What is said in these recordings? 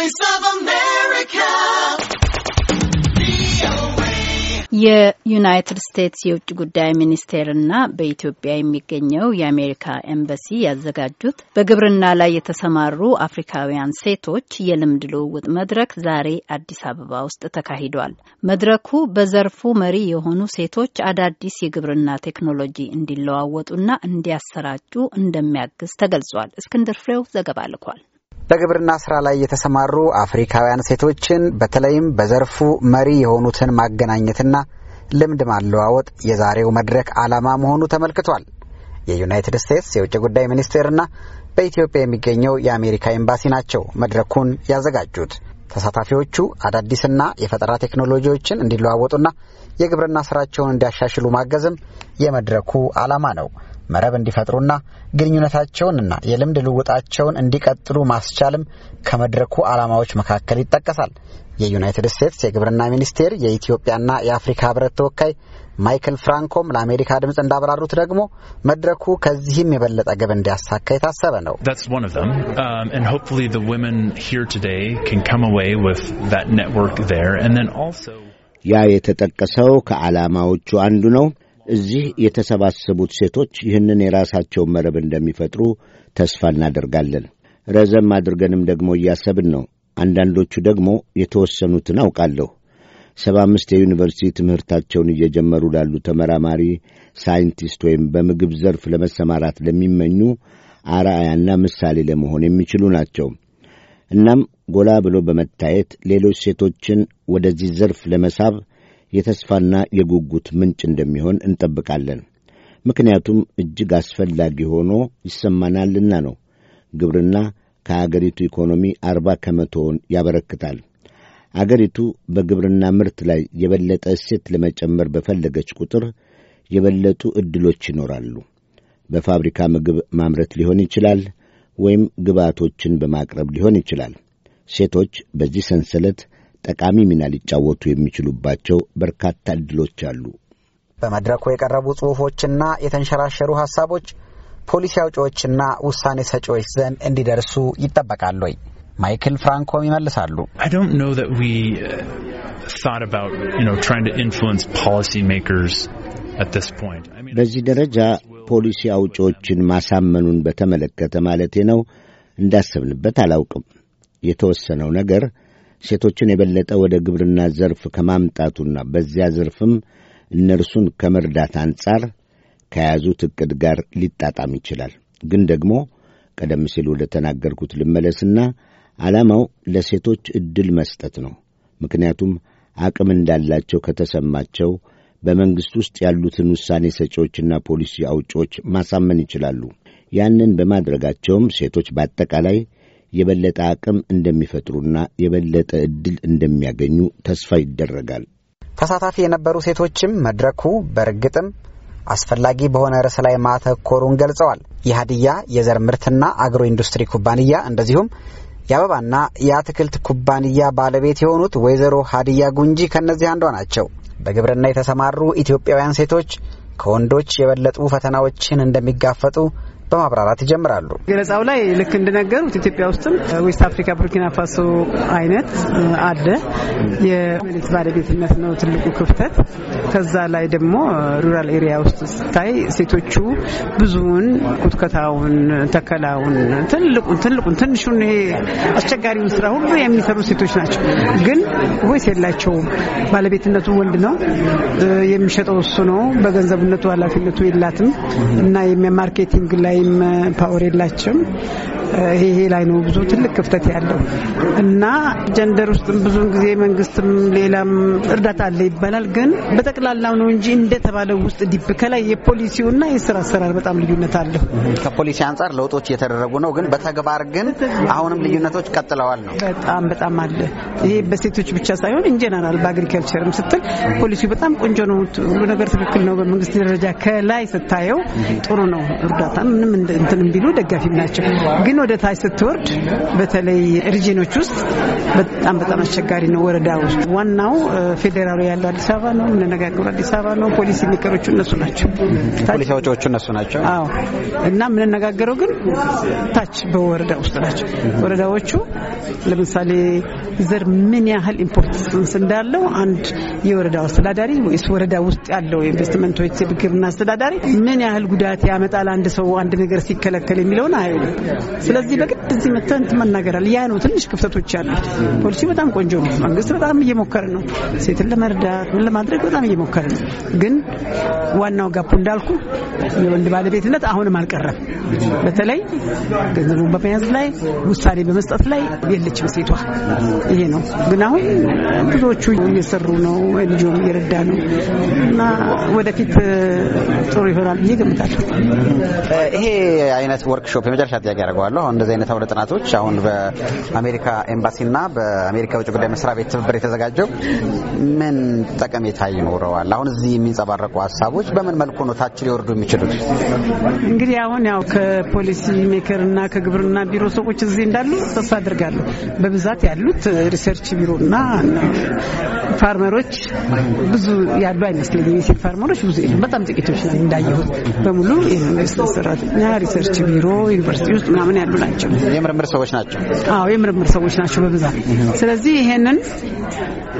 Voice of America. የዩናይትድ ስቴትስ የውጭ ጉዳይ ሚኒስቴርና በኢትዮጵያ የሚገኘው የአሜሪካ ኤምባሲ ያዘጋጁት በግብርና ላይ የተሰማሩ አፍሪካውያን ሴቶች የልምድ ልውውጥ መድረክ ዛሬ አዲስ አበባ ውስጥ ተካሂዷል። መድረኩ በዘርፉ መሪ የሆኑ ሴቶች አዳዲስ የግብርና ቴክኖሎጂ እንዲለዋወጡና እንዲያሰራጩ እንደሚያግዝ ተገልጿል። እስክንድር ፍሬው ዘገባ ልኳል። በግብርና ስራ ላይ የተሰማሩ አፍሪካውያን ሴቶችን በተለይም በዘርፉ መሪ የሆኑትን ማገናኘትና ልምድ ማለዋወጥ የዛሬው መድረክ ዓላማ መሆኑ ተመልክቷል። የዩናይትድ ስቴትስ የውጭ ጉዳይ ሚኒስቴርና በኢትዮጵያ የሚገኘው የአሜሪካ ኤምባሲ ናቸው መድረኩን ያዘጋጁት። ተሳታፊዎቹ አዳዲስና የፈጠራ ቴክኖሎጂዎችን እንዲለዋወጡና የግብርና ስራቸውን እንዲያሻሽሉ ማገዝም የመድረኩ ዓላማ ነው። መረብ እንዲፈጥሩና ግንኙነታቸውንና የልምድ ልውጣቸውን እንዲቀጥሉ ማስቻልም ከመድረኩ ዓላማዎች መካከል ይጠቀሳል። የዩናይትድ ስቴትስ የግብርና ሚኒስቴር የኢትዮጵያና የአፍሪካ ህብረት ተወካይ ማይክል ፍራንኮም ለአሜሪካ ድምፅ እንዳብራሩት ደግሞ መድረኩ ከዚህም የበለጠ ግብ እንዲያሳካ የታሰበ ነው። um, ያ የተጠቀሰው ከዓላማዎቹ አንዱ ነው። እዚህ የተሰባሰቡት ሴቶች ይህንን የራሳቸውን መረብ እንደሚፈጥሩ ተስፋ እናደርጋለን። ረዘም አድርገንም ደግሞ እያሰብን ነው። አንዳንዶቹ ደግሞ የተወሰኑትን አውቃለሁ ሰባ አምስት የዩኒቨርሲቲ ትምህርታቸውን እየጀመሩ ላሉ ተመራማሪ ሳይንቲስት ወይም በምግብ ዘርፍ ለመሰማራት ለሚመኙ አርአያና ምሳሌ ለመሆን የሚችሉ ናቸው። እናም ጎላ ብሎ በመታየት ሌሎች ሴቶችን ወደዚህ ዘርፍ ለመሳብ የተስፋና የጉጉት ምንጭ እንደሚሆን እንጠብቃለን። ምክንያቱም እጅግ አስፈላጊ ሆኖ ይሰማናልና ነው። ግብርና ከአገሪቱ ኢኮኖሚ አርባ ከመቶውን ያበረክታል። አገሪቱ በግብርና ምርት ላይ የበለጠ እሴት ለመጨመር በፈለገች ቁጥር የበለጡ ዕድሎች ይኖራሉ። በፋብሪካ ምግብ ማምረት ሊሆን ይችላል፣ ወይም ግብዓቶችን በማቅረብ ሊሆን ይችላል። ሴቶች በዚህ ሰንሰለት ጠቃሚ ሚና ሊጫወቱ የሚችሉባቸው በርካታ እድሎች አሉ። በመድረኩ የቀረቡ ጽሑፎችና የተንሸራሸሩ ሀሳቦች ፖሊሲ አውጪዎችና ውሳኔ ሰጪዎች ዘንድ እንዲደርሱ ይጠበቃሉ። ማይክል ፍራንኮም ይመልሳሉ። uh, በዚህ ደረጃ ፖሊሲ አውጪዎችን ማሳመኑን በተመለከተ ማለቴ ነው እንዳሰብንበት አላውቅም። የተወሰነው ነገር ሴቶችን የበለጠ ወደ ግብርና ዘርፍ ከማምጣቱና በዚያ ዘርፍም እነርሱን ከመርዳት አንጻር ከያዙት ዕቅድ ጋር ሊጣጣም ይችላል። ግን ደግሞ ቀደም ሲል ወደ ተናገርኩት ልመለስና ዓላማው ለሴቶች ዕድል መስጠት ነው። ምክንያቱም አቅም እንዳላቸው ከተሰማቸው በመንግሥት ውስጥ ያሉትን ውሳኔ ሰጪዎችና ፖሊሲ አውጪዎች ማሳመን ይችላሉ። ያንን በማድረጋቸውም ሴቶች በአጠቃላይ የበለጠ አቅም እንደሚፈጥሩና የበለጠ እድል እንደሚያገኙ ተስፋ ይደረጋል። ተሳታፊ የነበሩ ሴቶችም መድረኩ በእርግጥም አስፈላጊ በሆነ ርዕስ ላይ ማተኮሩን ገልጸዋል። የሀዲያ የዘር ምርትና አግሮ ኢንዱስትሪ ኩባንያ እንደዚሁም የአበባና የአትክልት ኩባንያ ባለቤት የሆኑት ወይዘሮ ሀዲያ ጉንጂ ከእነዚህ አንዷ ናቸው። በግብርና የተሰማሩ ኢትዮጵያውያን ሴቶች ከወንዶች የበለጡ ፈተናዎችን እንደሚጋፈጡ በማብራራት ይጀምራሉ። ገለጻው ላይ ልክ እንደነገሩት ኢትዮጵያ ውስጥም ዌስት አፍሪካ፣ ቡርኪና ፋሶ አይነት አለ። የመሬት ባለቤትነት ነው ትልቁ ክፍተት። ከዛ ላይ ደግሞ ሩራል ኤሪያ ውስጥ ስታይ ሴቶቹ ብዙውን ኩትከታውን ተከላውን፣ ትልቁን ትልቁን ትንሹን ይሄ አስቸጋሪውን ስራ ሁሉ የሚሰሩ ሴቶች ናቸው። ግን ወይስ የላቸውም። ባለቤትነቱ ወንድ ነው፣ የሚሸጠው እሱ ነው። በገንዘብነቱ ኃላፊነቱ የላትም እና የሚያማርኬቲንግ ላይ ወይም ፓወር የላቸውም። ይሄ ላይ ነው ብዙ ትልቅ ክፍተት ያለው እና ጀንደር ውስጥም ብዙን ጊዜ መንግስትም ሌላም እርዳታ አለ ይባላል፣ ግን በጠቅላላው ነው እንጂ እንደተባለው ውስጥ ዲብ ከላይ የፖሊሲውና የስራ አሰራር በጣም ልዩነት አለው። ከፖሊሲ አንጻር ለውጦች እየተደረጉ ነው፣ ግን በተግባር ግን አሁንም ልዩነቶች ቀጥለዋል ነው በጣም በጣም አለ። ይሄ በሴቶች ብቻ ሳይሆን እንጀነራል በአግሪካልቸርም ስትል ፖሊሲው በጣም ቆንጆ ነው፣ ሁሉ ነገር ትክክል ነው። በመንግስት ደረጃ ከላይ ስታየው ጥሩ ነው። እርዳታ ምንም እንትንም ቢሉ ደጋፊም ናቸው ግን ወደ ታች ስትወርድ በተለይ ሪጅኖች ውስጥ በጣም በጣም አስቸጋሪ ነው። ወረዳ ውስጥ ዋናው ፌዴራሉ ያለው አዲስ አበባ ነው። የምንነጋገሩ አዲስ አበባ ነው። ፖሊሲ ሜከሮቹ እነሱ ናቸው። ፖሊሲ አውጪዎቹ እነሱ ናቸው። አዎ። እና የምንነጋገረው ግን ታች በወረዳ ውስጥ ናቸው። ወረዳዎቹ ለምሳሌ ዘር ምን ያህል ኢምፖርታንስ እንዳለው አንድ የወረዳ አስተዳዳሪ ወይስ ወረዳ ውስጥ ያለው ኢንቨስትመንቶች ግብርና አስተዳዳሪ ምን ያህል ጉዳት ያመጣል አንድ ሰው አንድ ነገር ሲከለከል የሚለውን አይሉም። ስለዚህ በግድ እዚህ መተን መናገራል። ያ ነው ትንሽ ክፍተቶች አሉት። ፖሊሲ በጣም ቆንጆ ነው። መንግስት በጣም እየሞከረ ነው። ሴትን ለመርዳት ምን ለማድረግ በጣም እየሞከረ ነው። ግን ዋናው ጋፑ እንዳልኩ የወንድ ባለቤትነት አሁንም አልቀረም። በተለይ ገንዘቡን በመያዝ ላይ ውሳኔ በመስጠት ላይ የለችም ሴቷ። ይሄ ነው ግን አሁን ብዙዎቹ እየሰሩ ነው፣ ልጆም እየረዳ ነው እና ወደፊት ጥሩ ይሆናል ብዬ ገምታለሁ። ይሄ አይነት ወርክሾፕ የመጨረሻ ጥያቄ ያደርገዋለሁ አሁን እንደዚህ አይነት አውደ ጥናቶች አሁን በአሜሪካ ኤምባሲና በአሜሪካ የውጭ ጉዳይ መስሪያ ቤት ትብብር የተዘጋጀው ምን ጠቀሜታ ይኖረዋል? አሁን እዚህ የሚንጸባረቁ ሀሳቦች በምን መልኩ ነው ታች ሊወርዱ የሚችሉት? እንግዲህ አሁን ያው ከፖሊሲ ሜከርና ከግብርና ቢሮ ሰዎች እዚህ እንዳሉ ተስፋ አድርጋለሁ። በብዛት ያሉት ሪሰርች እና ፋርመሮች ብዙ ያሉ አይመስለኝም። የሴል ፋርመሮች ብዙ የሉም፣ በጣም ጥቂቶች ነው እንዳየሁት። በሙሉ የመንግስት ሰራተኛ ሪሰርች ቢሮ ዩኒቨርሲቲ ውስጥ ምናምን ያሉ ያሉ ናቸው። የምርምር ሰዎች ናቸው። አዎ የምርምር ሰዎች ናቸው በብዛት። ስለዚህ ይሄንን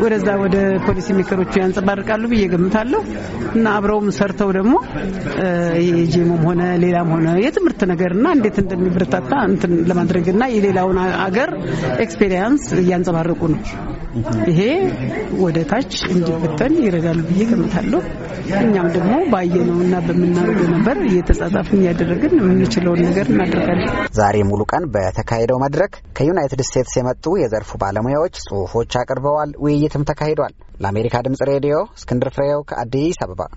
ወደዛ ወደ ፖሊሲ ሜከሮቹ ያንጸባርቃሉ ብዬ ገምታለሁ እና አብረውም ሰርተው ደግሞ የጂሙም ሆነ ሌላም ሆነ የትምህርት ነገርና እንዴት እንደሚበረታታ እንትን ለማድረግና የሌላውን አገር ኤክስፔሪየንስ እያንጸባረቁ ነው። ይሄ ወደ ታች እንዲበተን ይረዳሉ ብዬ ገምታለሁ። እኛም ደግሞ ባየነውና በምናውቀው ነበር እየተጻጻፍን እያደረግን የምንችለውን ነገር እናደርጋለን። ዛሬ ሙሉ ቀን በተካሄደው መድረክ ከዩናይትድ ስቴትስ የመጡ የዘርፉ ባለሙያዎች ጽሁፎች አቅርበዋል። ውይይትም ተካሂዷል። ለአሜሪካ ድምጽ ሬዲዮ እስክንድር ፍሬው ከአዲስ አበባ